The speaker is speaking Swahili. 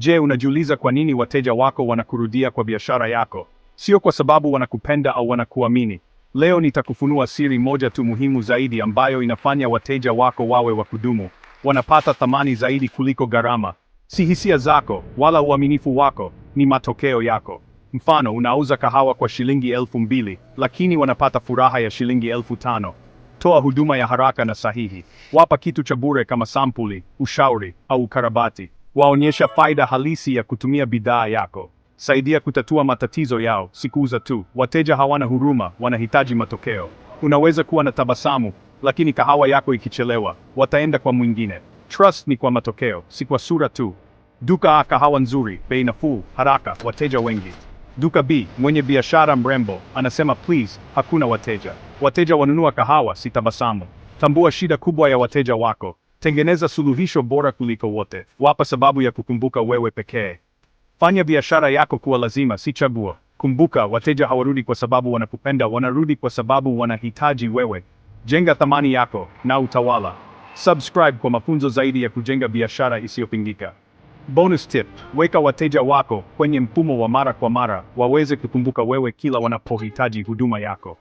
Je, unajiuliza kwa nini wateja wako wanakurudia kwa biashara yako? Sio kwa sababu wanakupenda au wanakuamini. Leo nitakufunua siri moja tu muhimu zaidi ambayo inafanya wateja wako wawe wa kudumu. Wanapata thamani zaidi kuliko gharama. Si hisia zako wala uaminifu wako, ni matokeo yako. Mfano, unauza kahawa kwa shilingi elfu mbili lakini wanapata furaha ya shilingi elfu tano. Toa huduma ya haraka na sahihi. Wapa kitu cha bure kama sampuli, ushauri au ukarabati waonyesha faida halisi ya kutumia bidhaa yako. Saidia kutatua matatizo yao, sikuuza tu. Wateja hawana huruma, wanahitaji matokeo. Unaweza kuwa na tabasamu, lakini kahawa yako ikichelewa, wataenda kwa mwingine. Trust ni kwa matokeo, si kwa sura tu. Duka A, kahawa nzuri, bei nafuu, haraka, wateja wengi. Duka B, mwenye biashara mrembo anasema please, hakuna wateja. Wateja wanunua kahawa, si tabasamu. Tambua shida kubwa ya wateja wako. Tengeneza suluhisho bora kuliko wote, wapa sababu ya kukumbuka wewe pekee. Fanya biashara yako kuwa lazima, si chaguo. Kumbuka, wateja hawarudi kwa sababu wanakupenda, wanarudi kwa sababu wanahitaji wewe. Jenga thamani yako na utawala. Subscribe kwa mafunzo zaidi ya kujenga biashara isiyopingika. Bonus tip: weka wateja wako kwenye mfumo wa mara kwa mara, waweze kukumbuka wewe kila wanapohitaji huduma yako.